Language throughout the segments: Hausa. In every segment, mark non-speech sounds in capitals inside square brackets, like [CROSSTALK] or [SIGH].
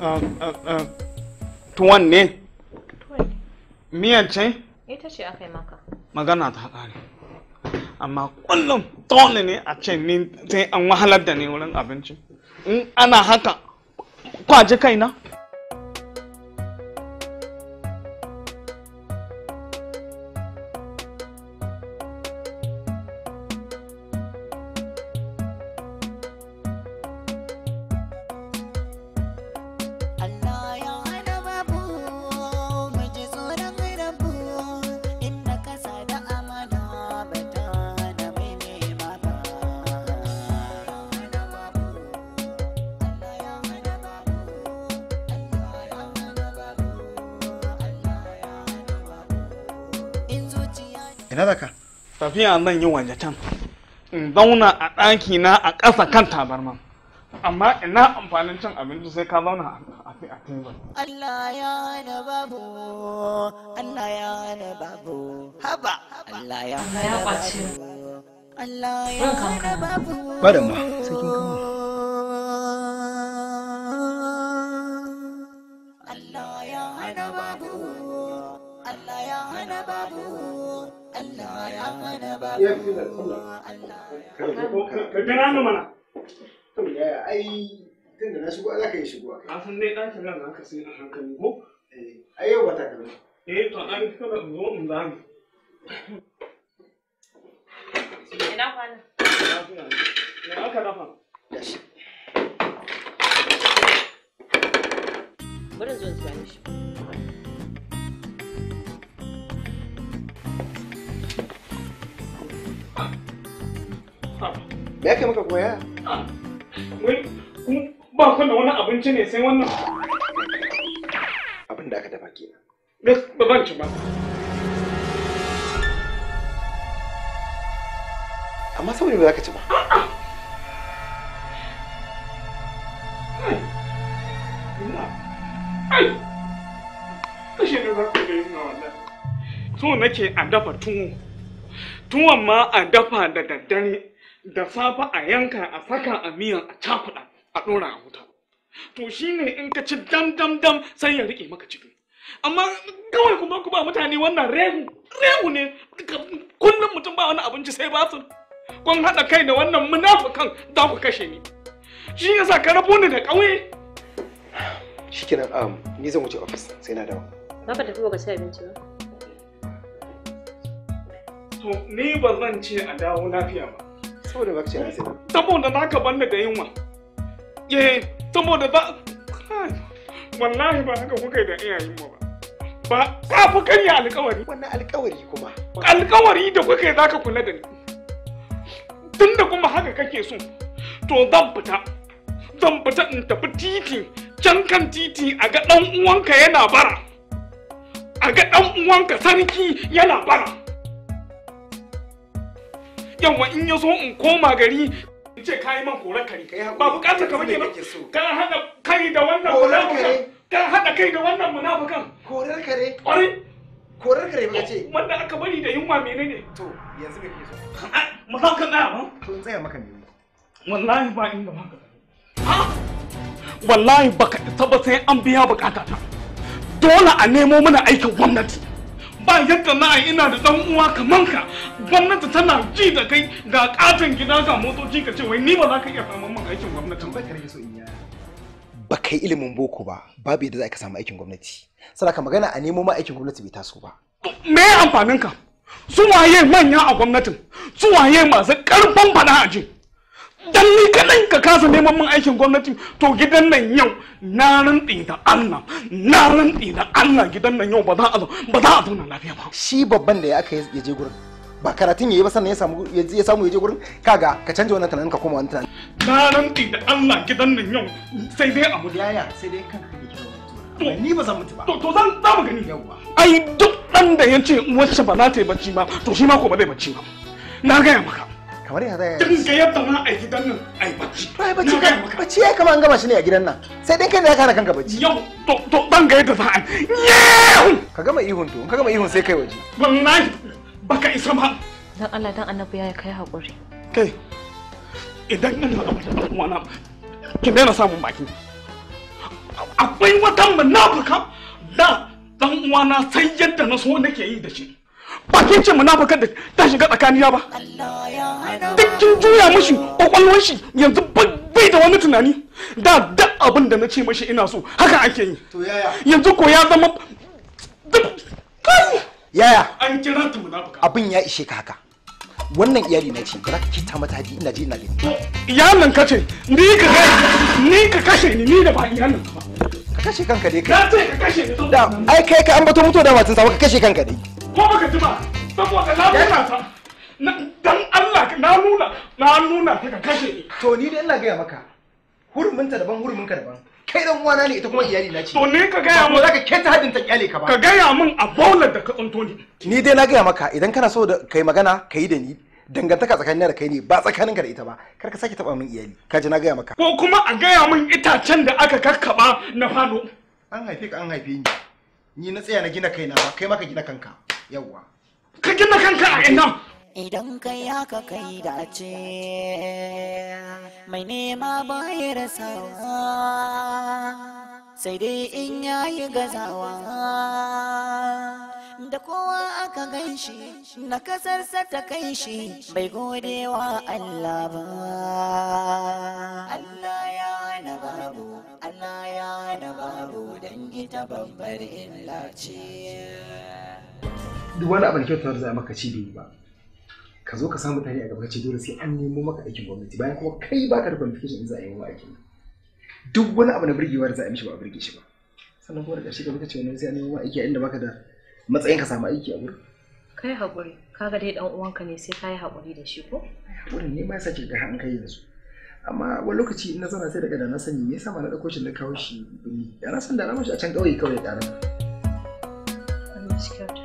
Um, um, um, tuwon ne miyan ce ita ce aka yi maka magana ta kare amma kullum dole ne a ce ni sai an wahalar da ni wurin abinci in ana haka kwaje kaina tafiya zan yi wajen can in zauna a ɗaki na a ƙasa kan tabarma amma ina amfanin cin abinci sai ka zauna a tebur. Allah ya na babu Allah ya na babu haba Allah ya na babu Allah ya na babu bada ma sai kin kawo Allah ya na babu Allah ya na babu mana ba ka gana na shigo ka yi shigo a san dai ɗan shigar da aka a hankali ko eh, a yau wata gaba eh to an kada in zo in zami ina kwana ya aka dafa bari zo in sami me yake maka koya ba ku da wani abinci ne sai wannan abin da aka dafa kenan ba ban ci ba amma saboda ba za ka ci ba so nake a dafa tuwo tuwon ma a dafa da daddare da safe a yanka a saka a miyan a cakuɗa a ɗora a wuta to shine in ka ci dam dam dam sai ya riƙe maka ciki amma kawai kuma ku ba mutane wannan rehu rehu ne kullum mutum ba wani abinci sai ba su kun haɗa kai da wannan munafukan za ku kashe ni shi yasa ka rabu ni da ƙauye shikenan um ni zan wuce office sai na dawo ba ka tafi ba ka ci abinci ba to ni ba zan ce a dawo lafiya ba saboda ba ce saboda na ka banna da yunwa eh saboda ba wallahi ba haka kuka yi da iyayen mu ba ba ka fi karya alkawari wannan alkawari kuma alkawari da kuka yi za ka kula da ni tunda kuma haka kake so to zan fita zan fita in tafi titi can kan titi a ga ɗan uwanka yana bara a ga ɗan uwanka sarki yana bara yawa in ya so in koma gari in ce kayi man korar kare ba bukatar ka bane ba kan hada kai da wannan munafukan kan hada kai da wannan munafukan korar kare kwarai korar kare ba ce wanda aka bari da yunwa menene to yanzu me ke so munafukan na ba to in tsaya maka ne wallahi ba inda maka ha wallahi baka tabbata an biya bukata ta dole a nemo mana aikin gwamnati ba yadda na ai ina da dan uwa kaman ka gwamnati tana ji da kai ga katon gida ga motoci ka ce wai ni ba za ka iya samun min aikin gwamnatin ba kare so in yi ba kai ilimin boko ba babu yadda za ka samu aikin gwamnati ka magana a nemo ma aikin gwamnati bai taso ba me amfanin ka su waye manya a gwamnatin su waye masu karfin fada a ji dan ni kaɗan ka kasa neman min aikin gwamnati to gidan nan yau na rantsi da Allah na rantsi da Allah gidan nan yau ba za a ba za a zauna lafiya ba shi babban da ya aka ya je gurin ba karatun yayi ba sannan ya samu ya samu ya je gurin kaga ka canje wannan tunanin ka koma wani tunanin na rantsi da Allah gidan nan yau sai dai abu yaya sai dai kanka ni ba zan mutu ba to to zan za mu gani ai duk dan da yace wacce ba za ta yi bacci ba to shi ma ko ba zai bacci ba na gaya maka kamar ya zai tun ka yabta ma a gidan nan ai bacci ai bacci ka bacci ya kama an gama shi ne a gidan nan sai dai kai ne k'a hana kanka bacci yau to to ban ga yadda za'a yau ka gama ihun to ka gama ihun sai kai waje wallahi baka isa ma dan Allah dan annabi ya kai hakuri kai idan ina da wata uwana ki daina samun baki akwai wata ka da dan uwana sai yadda na so nake yi da shi ba kin ce munafikan da ta shiga tsakaniya ba duk kin juya mishi kwakwalwar shi yanzu bai da wani tunani da duk abin da na ce mashi ina so haka ake yi yanzu ko ya zama yaya an kira ta munafika abin ya ishe ka haka wannan iyali na ce ba ki ta mata ji ina ji ina gani iyalin ka ce ni ka ni ka kashe ni ni da ba iyalin ka kashe kanka dai kai ka ce ka kashe ni da ai kai ka an bato mutuwa da matan sa ka kashe kanka dai ko baka ji ba saboda na nuna ta dan Allah na nuna na nuna ta ka kashe ni to ni dai ina gaya maka hurumin ta daban hurumin ka daban kai dan uwana ne ita kuma iyali na ce to ne ka gaya mun zaka keta hadin ta kyale ka ba ka gaya mun a baular da ka tsunto ni ni dai na gaya maka idan kana so da kai magana kai da ni dangantaka tsakanin da kai ne ba tsakanin ka da ita ba kar ka sake taba min iyali ka ji na gaya maka ko kuma a gaya min itacen da aka kakkaba na fano an haife ka an haife ni ni na tsaya na gina kaina ba kai ma ka gina kanka ka gina kanka a innan idan kai haka kai dace mai nema baya rasawa sai dai in yayi gazawa da kowa aka gan shi na ta kai shi bai gode wa Allah ba. Allah ya na babu, Allah ya na babu dan gita babbar illa ce. duk wani abu da kyautar zai maka cibi ba ka zo ka samu mutane a gaba ce dole sai an nemo maka aikin gwamnati bayan kuma kai baka da qualification za a yi wa aikin duk wani abu na burgewar za a mishi ba a burge shi ba sannan kuma da ƙarshe ka ce wani sai an nemo aiki a inda baka da matsayin ka samu aiki a wurin kai Ka kaga dai dan uwanka ne sai kai hakuri da shi ko haƙuri ne ma ya sake ga an kai yanzu amma wani lokaci in na zana sai daga da na sani me yasa ma na dauko shi na kawo shi birni da na san da na mashi a can kawai kawai da Allah shi kyauta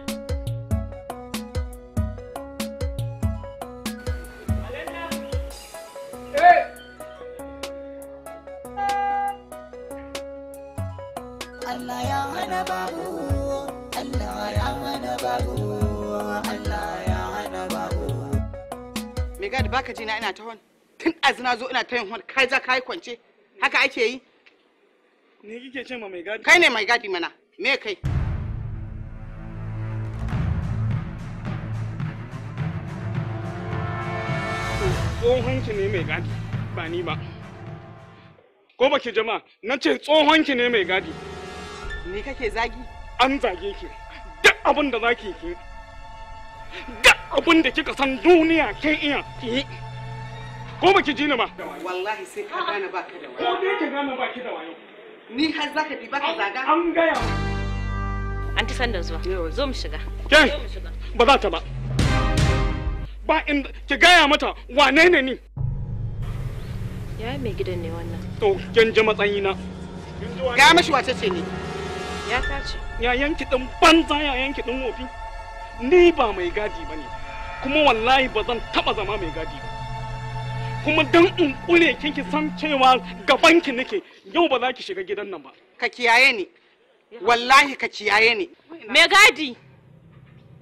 hana babu Allah ya hana babu Allah ya hana babu me gadi baka ji na ina ta hon tun na zo ina ta yin hon kai za kai kwance haka ake yi ne kike ce ma mai gadi kai ne mai gadi mana me kai tsohonki ne mai gadi ba ni ba ko baki jama'a na ce tsohonki ne mai gadi Me kake zagi? An zage ki. Duk abin da zaki ki. Duk abin da kika san duniya kin iya ki. Ko baki ji ni ba? Wallahi sai ka gane ka da wayo. Ko dai ka gane ki da wayo. Ni har zaka bi ka zaga? An gaya. Anti sandan zuwa. Zo mu shiga. Ke? Ba za ta ba. Ba in ki gaya mata wane ne ni? Ya mai gidan ne wannan. To kin ji matsayina. Ga mashi wace ce ne? ya tace yayan ki banza ya yanki dan wofi ni ba mai gadi bane kuma wallahi ba zan taba zama mai gadi ba kuma dan in kure kin san cewa gaban ki nake yau ba za ki shiga gidan nan ba ka kiyaye ni wallahi ka kiyaye ni mai gadi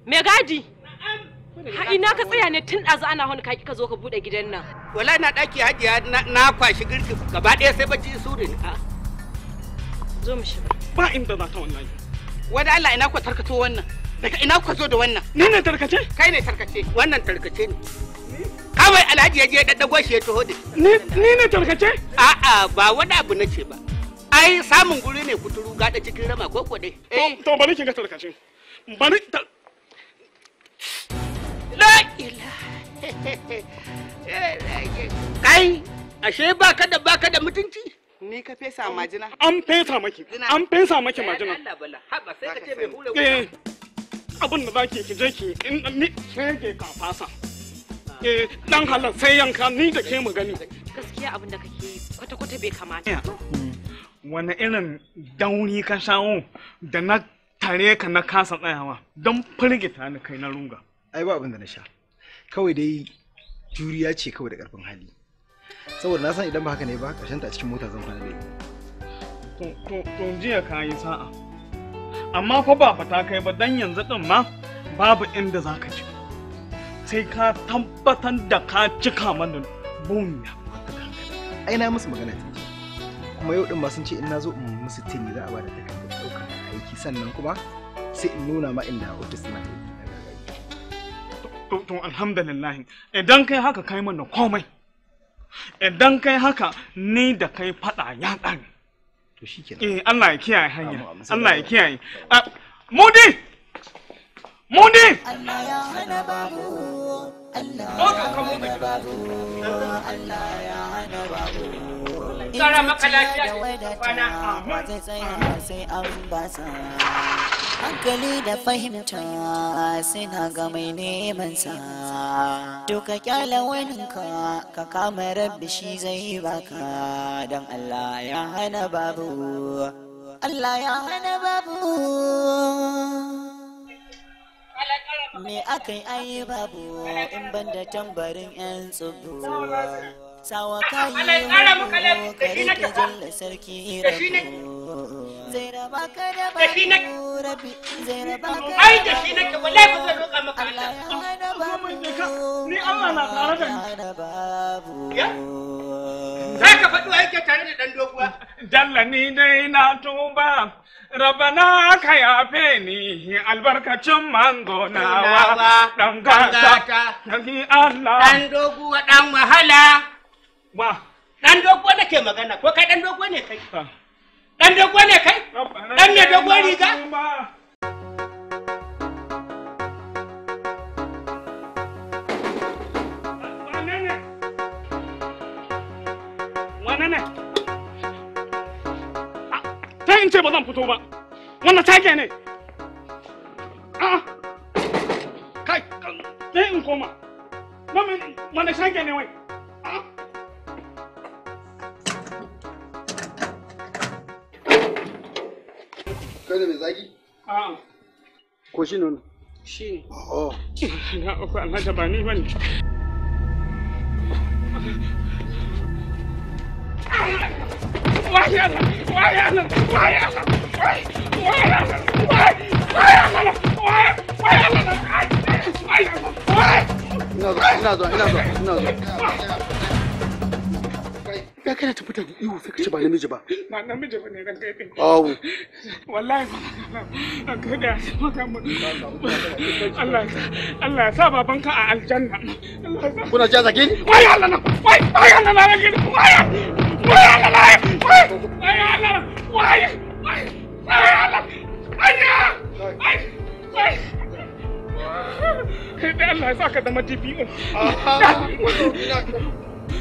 mai gadi ha ina ka tsaya ne tun ɗazu ana hannu kaki ka zo ka buɗe gidan nan wallahi na ɗaki hajiya na kwashi girki gaba ɗaya sai bacci suri ne zo mu shiga ba in za ta wannan wada Allah ina ku tarkato wannan daga ina ku zo da wannan ni ne tarkace kai ne tarkace wannan tarkace ne kawai alhaji ya je ya daddago shi ya taho da ni ne tarkace a'a ba wani abu nace ba ai samun guri ne kuturu gada cikin rama ko ko dai to eh. bari kin ga tarkace bari la ilaha eh, eh, kai ashe baka da baka da mutunci Ni ka fesa majina? An fesa maki. An fesa maki majina. Allah bala. Haba sai ka ce bai hura wuta. Eh, abin da zaki ki je ki in ni shege ka fasa. Eh dan halan sai yanka ni da ke magani. Gaskiya abin da kake yi kwata-kwata bai kamata. Wani irin dauni ka shawo da na tare ka na kasa tsayawa don firgita ni kai na runga. Ai ba abin da na sha. Kawai dai juriya ce kawai da karfin hali. saboda na san idan ba haka ne ba ƙarshen ta a cikin mota zan fara da to jiya ka yi sa'a amma fa ba fata kai ba dan yanzu din ma babu inda za ka ci sai ka tabbatar da ka cika mana bunya ai na musu magana ta kuma yau din ma sun ce in na zo in musu tini za a ba da takardar ɗaukar aiki sannan kuma sai in nuna ma inda ofis na aiki to alhamdulillah idan kai haka kai mana komai idan kai haka ni da kai faɗa ya ɗani to shikenan eh Allah ya kiyaye hanya Allah ya kiyaye mudi mudi Allah ya hana babu Allah ya hana babu Allah ya hana babu ya hana babu. Allah a sai an Allah hankali da fahimta suna ga mai neman sa duka kyala waninka ka kama rabbi shi zai baka don Allah ya hana babu Allah ya hana babu me aka yi babu in ban da tambarin 'yan tsubu sawa kayi ka rike jalla sarki rabu da shi na ni Allah na tare da ni za tare da dalla ni dai na tuba rabana ka yafe ni albarkacin mango nawa dan gasa dan Allah dan doguwa wahala wa doguwa nake magana ko kai dan doguwa ne kai ah. Dan dogo ne kai? Dan ne dogo riga? Ah, ta in ce ba zan fito ba. Wannan take ne. Ah. Kai, in koma. take ne wai. kai mai zagi ah. ko shi shi oh. na uku ba ni ya kana ta fita da ihu sai kace ba namiji ba ba namiji ba ne ran kai din awu wallahi ba ka da maka mu Allah Allah sa baban ka a aljanna kuna ja zage wai Allah na wai wai Allah na rage ni wai wai Allah na wai wai Allah wai wai wai Allah ayya wai wai Allah ya saka zama DPO. Aha, [LAUGHS]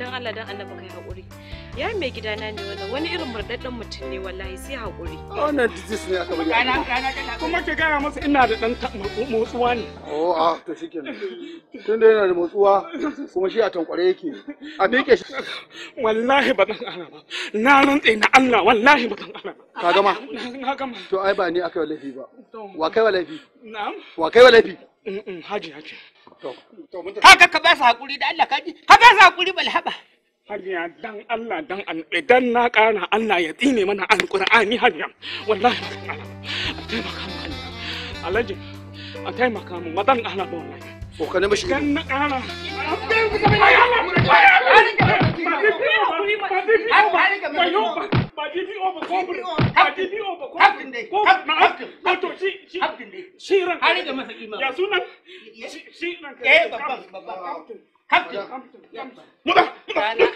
dan Allah dan Allah kai haƙuri ya mai gidana ne wannan wani irin murdaddan mutum ne wallahi sai haƙuri wannan disease ne aka kana kana kuma ke gara masa ina da dan motsuwa ne oh a ah, to shikenan tun da yana da motsuwa kuma shi a tankware yake a bike shi wallahi ba dan Allah ba na rantse na Allah wallahi ba dan Allah ka gama na gama to ai ba ni aka yi laifi ba wa kai wa laifi na'am wa kai wa laifi haji haji Haka ka ba su haƙuri da Allah kaji, ka ba su haƙuri balhaɓa. Hajiya dan Allah dan an idan na ƙara Allah ya tsine mana alƙur'ani hajiya. Wallahi a taimaka mu Alhaji a taimaka mu madan Allah ba wallahi. Ko ka nemi shi. Dan na ƙara. ba DPO ba kofin ba ko ba kofin kofin na haftin wato shi shi shi ran ka rage masa kima ya sunan shi ran ka eh babban babban haftin haftin muda rana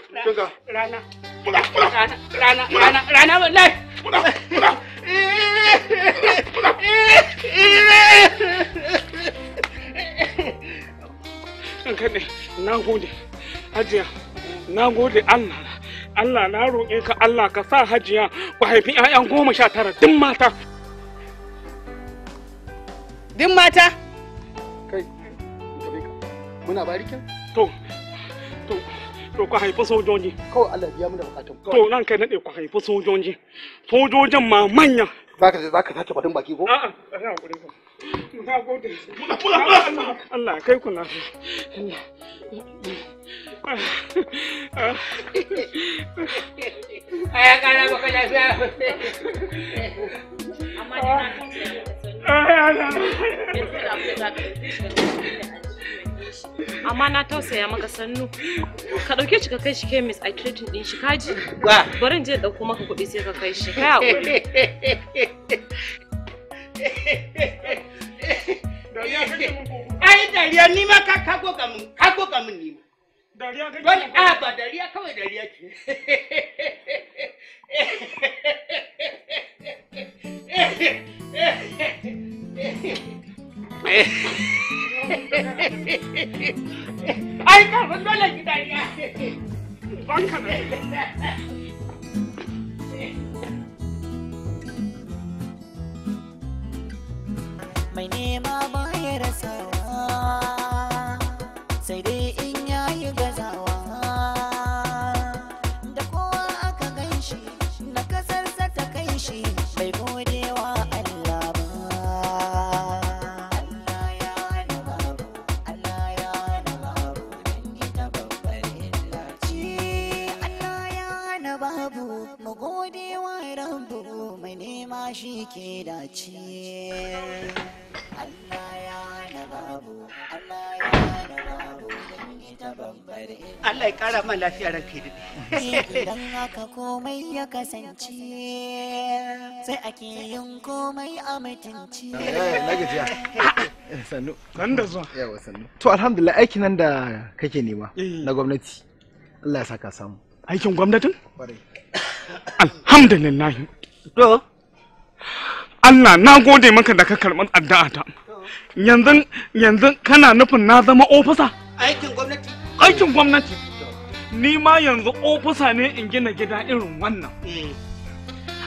rana muda rana rana rana rana wallahi muda muda kan ne na gode ajiya na gode Allah Allah na roƙe ka Allah ka sa hajiya ku haifi ƴaƴan goma sha tara din mata din mata kai gabe ka muna barikin to to to ku haifi sojoji kawai Allah biya mu da bukatun to nan kai nade ku haifi sojoji sojojin ma manya Za zaka je zaka sace fadin baki ko a'a ina hakuri ka. na gode Allah kai ku na Allah Aya kana baka da sa. Amana, ni na kan sai amma na tausaya maka sannu ka dauke shi ka kai shi kemis a treating din shi kaji barin je dauko maka kuɗi sai ka kai shi kai a hakuri ai dariya ni ma ka kago ka mun kago ka mun ni Dariya kake. Wani a ba dariya kawai dariya ce. Ai, kafin dole ki dariya. Banka Ka komai ya kasance sai ake yin komai a mutunci eh, eh, sannu kan da zuwa yawa sannu to alhamdulillah aikin nan da kake nema eh. na gwamnati Allah ya saka samu aikin gwamnatin alhamdulillah to Allah na gode maka da ka karɓar addu'a ta yanzu yanzu kana nufin na zama ofisa aikin gwamnati aikin gwamnati ni ma yanzu ofisa ne in gina gida irin wannan eh.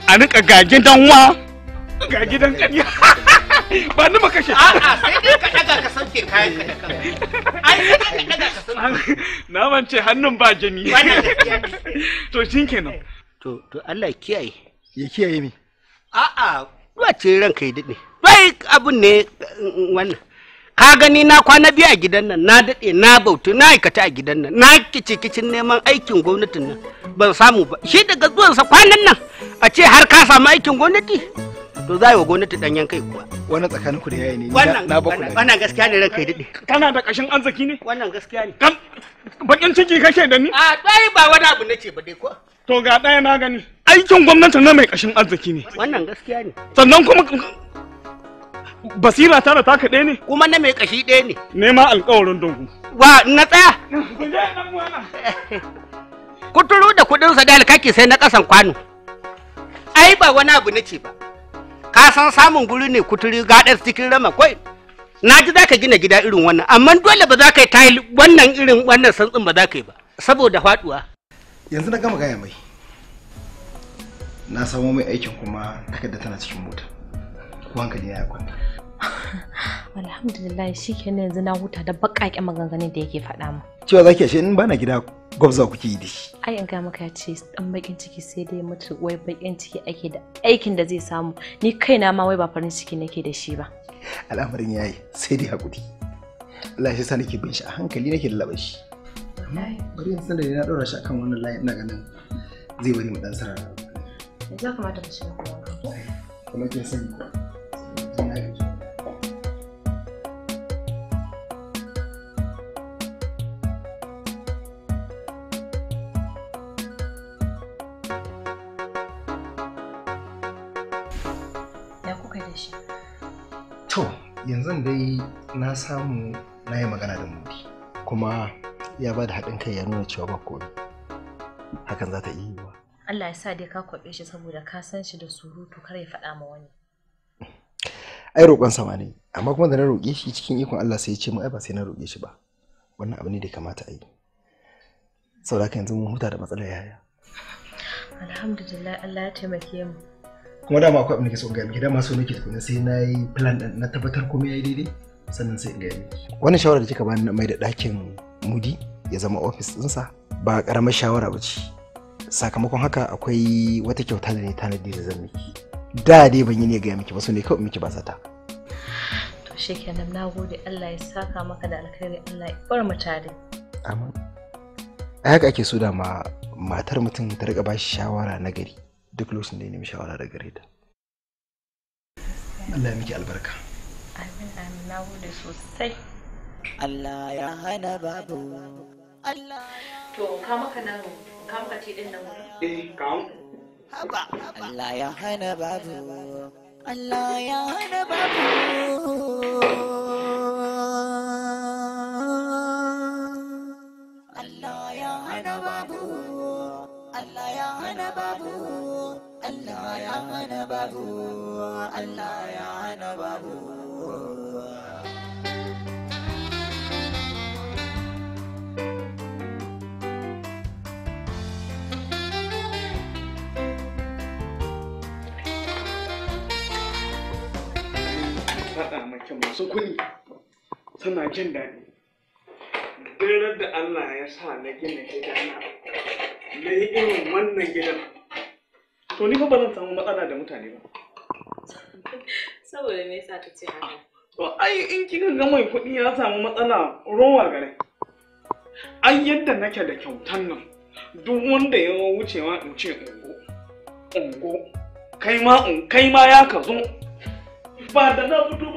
a rika ga gidan wa ga gidan eh. ƙarya [LAUGHS] ba ni ma kashe a'a sai dai ka daga ka sauke kayan ka da ai sai ka daga ka sauke na ban ce hannun ba jami [LAUGHS] to shin kenan eh. to to Allah kiyaye ya kiyaye mi a'a ba ce ranka ya dade bai abun ne mm, mm, wannan ka gani na kwana biyu a gidan nan na daɗe na bautu na aikata a gidan nan na kici kicin neman aikin gwamnatin nan ban samu ba shi daga sa kwanan nan a ce har ka samu aikin gwamnati to za yi wa gwamnati ɗanyen kai kuwa wannan tsakanin ku da yayi ne na ba ku wannan gaskiya ne ranka daɗe kana da ƙashin arziki ne wannan gaskiya ne kam bakin ciki kake da ni a dai ba wani abu nace ba dai ko to ga ɗaya na gani aikin gwamnati na mai ƙashin arziki ne wannan gaskiya ne sannan kuma basira ta da taka ɗaya ne kuma na mai kashi ɗaya ne nema alƙawarin dungu wa na tsaya kuturu da kuɗin sa da alkaki sai na ƙasan kwano ai ba wani abu ce ba ka san samun guri ne kuturi gaɗa cikin rama kwai na ji za ka gina gida irin wannan amma dole ba za ka yi tayil wannan irin wannan santsin ba za ka yi ba saboda faduwa yanzu na gama gaya mai na samo mai aikin kuma takarda tana cikin mota ko hankali ya kwanta [LAUGHS] alhamdulillah shi kenan yanzu na huta da baƙaƙen maganganun da yake faɗa mu cewa zaki ashe in bana gida gwabza kuke yi dashi. ai in ga maka ce dan bakin ciki sai dai mutu wai bakin ciki ake da aikin da zai samu ni kaina ma wai ba farin ciki nake da shi ba al'amarin yayi sai dai hakuri Allah shi sa nake bin shi a hankali nake lalaba shi amma bari in da na dora shi akan wannan layin ina ganin zai bari mu dan sarara ya kamata ka shiga kuma kin sani samu na yi magana da mu. kuma ya ba da haɗin kai ya nuna cewa ba komai hakan za ta iya yiwuwa Allah ya sa dai ka kwaɓe shi saboda ka san shi da surutu kar ya faɗa ma wani ai roƙon sama ne amma kuma da na roƙe shi cikin ikon Allah sai ya ce mu ai ba sai na roƙe shi ba wannan abu ne da kamata a yi saboda yanzu mun huta da matsalar yaya alhamdulillah Allah ya taimake mu kuma dama akwai abin da ke so ga miki dama so nake tukuna sai na yi plan na tabbatar komai yi daidai sannan sai in gaya miki wannan shawara da kika bani na mai da ɗakin mudi ya zama ofis ɗinsa ba ƙaramar shawara ba ce sakamakon haka akwai wata kyauta da ne tanadi da zan miki da dai ban yi ne gaya miki ba su ne kawai miki ba zata to shekenan na gode Allah ya saka maka da alkhairi Allah ya bar mu tare amin a haka ake so da ma matar mutum ta riga ba shi shawara na gari duk lokacin da ya nemi shawara da gare ta Allah ya miki albarka Amin amin na gode sosai. Allah ya hana babu. Allah To ka maka nan ka maka ce din nan. Eh ka Haba Allah ya hana babu. Allah ya hana babu. Allah ya hana babu Allah ya hana babu Allah ya hana babu Allah ya hana babu ake masu kuni suna jin daɗi duk da Allah ya sa na gina gidana na yi irin wannan gidan to ni fa ba zan samu matsala da mutane ba saboda me yasa ta ce haka to ai in kika ga mai kuɗi ya samu matsala rowa gare ai yadda nake da kyautan nan duk wanda ya wucewa in ce ungo ungo kai ma ya ka zo ba da na fito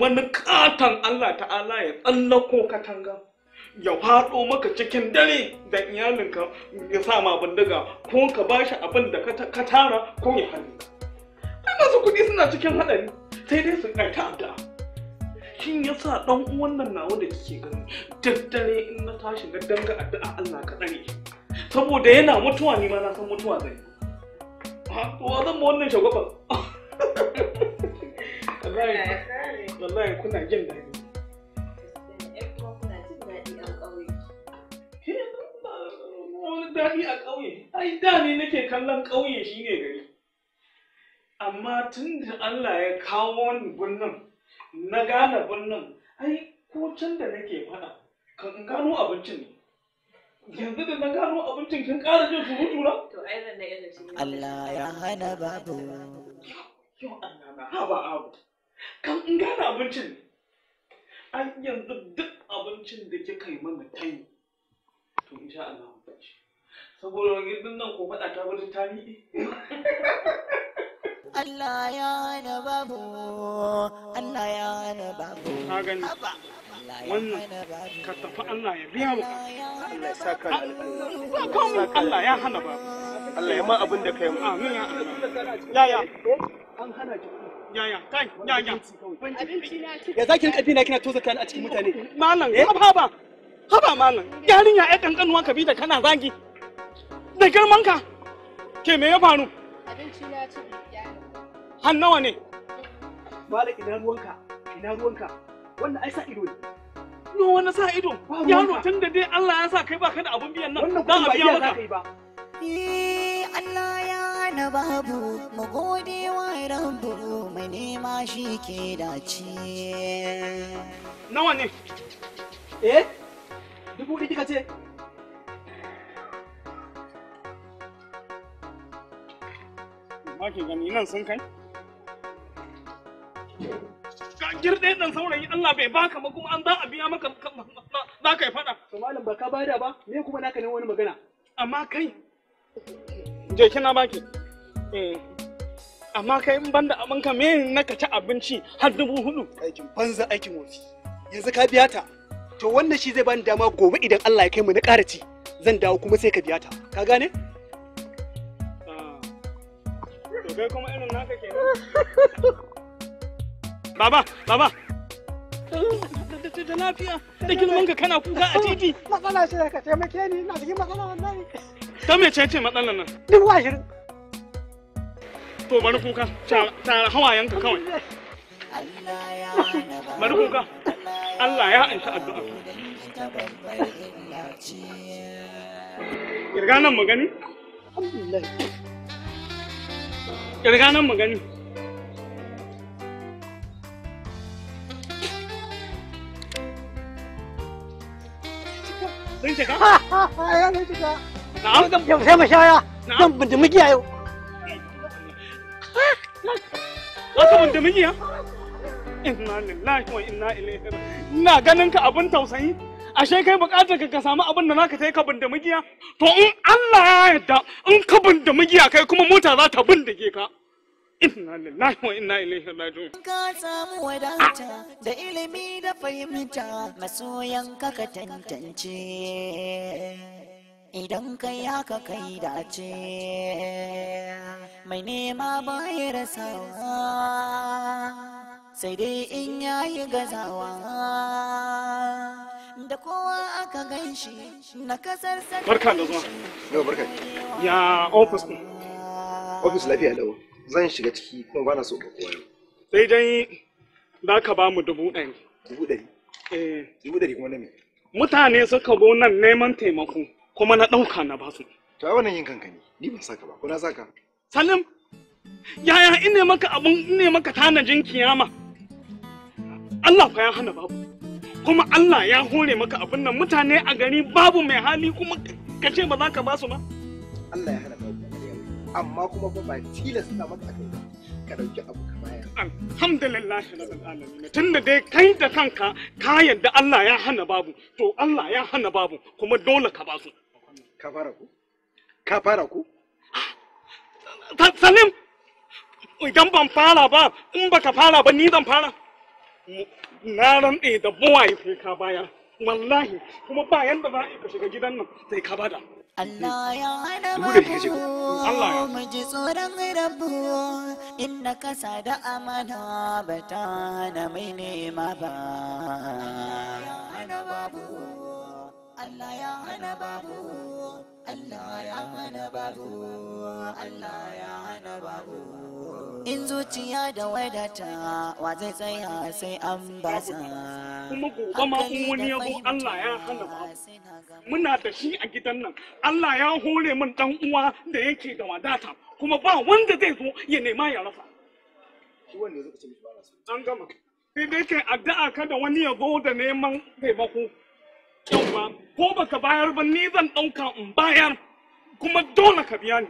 wani katon Allah ta'ala ya tsallako katanga ya faɗo maka cikin dare da iyalinka ya sa ma bindiga ko ka ba shi abin da ka tara ko ya hannu ai masu kuɗi suna cikin haɗari sai dai su ɗauka addu'a shin ya sa ɗan uwan nan nawa da kike gani daddare in na tashi na danga addu'a Allah ka tsare saboda yana mutuwa ni ma na san mutuwa zai ah, wa zan ma wannan shagwaban [LAUGHS] wallahi kuna jin daɗi wani daɗi a ƙauye A ai da ne nake kallon ƙauye shi ne gari amma tun da Allah ya kawo ni birnin na gane birnin ai ko can da nake faɗa kan gano abincin ne yanzu da na gano abincin kin ƙara jin surutu na Allah ya hana babu yau Allah na haba abu kan in gane abincin an yanzu duk abincin da kika yi mana yi. to insha Allah mu saboda gidan nan ko fada ta bar ta Allah ya na babu Allah ya na babu na gani wannan ka tafi Allah ya biya mu Allah ya saka alƙalai Allah ya hana babu Allah ya ma mu amin ya hana yaya kai yaya ya zaki rinka bina kina toza kana a cikin mutane malam eh? haba haba malam yarinya ai kankanuwa ka bi da kana zagi da girman ka ke me ya faru abinci na ci har nawa ne malam ina ruwanka ina ruwanka wannan ai sa ido ne no wani sa ido yaro tun da dai Allah ya sa kai baka da abun biyan nan dan a biya maka Rabbi Allah ya na babu mu gode wa Rabbu mai nema shi ke dace. Nawa ne? Eh? Dubu ɗi kika ce? Ba ki gani nan sun kai? Ka girɗe ɗan saurayi Allah bai baka ba kuma an za a biya maka za ka yi faɗa. To malam ba ka bada ba, me kuma naka ne wani magana? Amma kai je na baki eh. amma kai in banda abin ka me na ka ci abinci har dubu hudu aikin banza aikin wofi yanzu ka biya ta to wanda shi zai bani dama gobe idan Allah ya kai mu na ƙara ci zan dawo kuma sai ka biya ta ka gane ah. to kai kuma irin naka baba baba da lafiya da girman ka kana kuka a titi matsala da ka taimake ni ina cikin matsala wallahi ta mece ce matsalar nan dubu ashirin to bari kuka tara kawai bari kuka Allah ya anshi addu'a kirga nan magani kirga nan magani sun shiga? ya shiga sai mu shaya zan bindimi giya yau wata bindimi giya inna lillahi wa inna ilaihi ina ganin ka abin tausayi ashe kai bukatar ka samu abin da naka sai ka bindimi giya to in Allah ya yarda in ka bindimi giya kai kuma mota za ta da ke ka inna lillahi wa inna ilaihi raji'un ka samu wadata da ilimi da fahimta masoyan ka ka tantance idan kai aka kai dace mai nema baya rasawa sai dai in yayi gazawa da kowa aka gan shi na kasar sarki barka da zuwa yau barka ya ofis ne ofis lafiya lau zan shiga ciki kuma bana so ba kowa sai dai za ka ba mu dubu ɗari dubu ɗari eh dubu ɗari kuma na me mutane suka bo nan neman taimako kuma na ɗauka na basu. To ai wannan yin kanka ne, ni ba saka ba, ko na saka. Salim, yaya ina maka abun ina maka tanajin kiyama? Allah fa ya hana babu. Kuma Allah ya hore maka abun nan mutane a gari babu mai hali kuma ka ce ba za ka basu ba? Allah ya hana babu. Amma kuma ba ba tilasta maka kai ba. Ka ɗauki abu ka baya. Alhamdulillah rabbil alamin. Tunda dai kai da kanka ka yadda Allah ya hana babu, to Allah ya hana babu kuma dole ka basu. ka fara ku ka fara ku salim idan ban fara ba in baka fara ba ni zan fara na ran ɗaya da buwaye sai ka bayar wallahi kuma ba yadda za ka shiga gidan nan sai ka bada Allah ya hana mabu mu ji tsoron rabu inda kasa da amana ba ta hana mai nema ba Allah ya hana babu Allah ya hana babu Allah ya hana babu Allah ya hana babu in zuciya da wadata wa zai tsaya sai an basa kuma gobe ma kun wani yabo Allah ya hana babu muna da shi a gidan nan Allah ya hore min dan uwa da yake da wadata kuma ba wanda zai zo ya nema ya rasa shi wanda zai ce mishi ba an gama sai dai kai addu'a kada wani yabo da neman taimako ko baka bayar ba ni zan ɗauka in bayar kuma dole ka biya ni.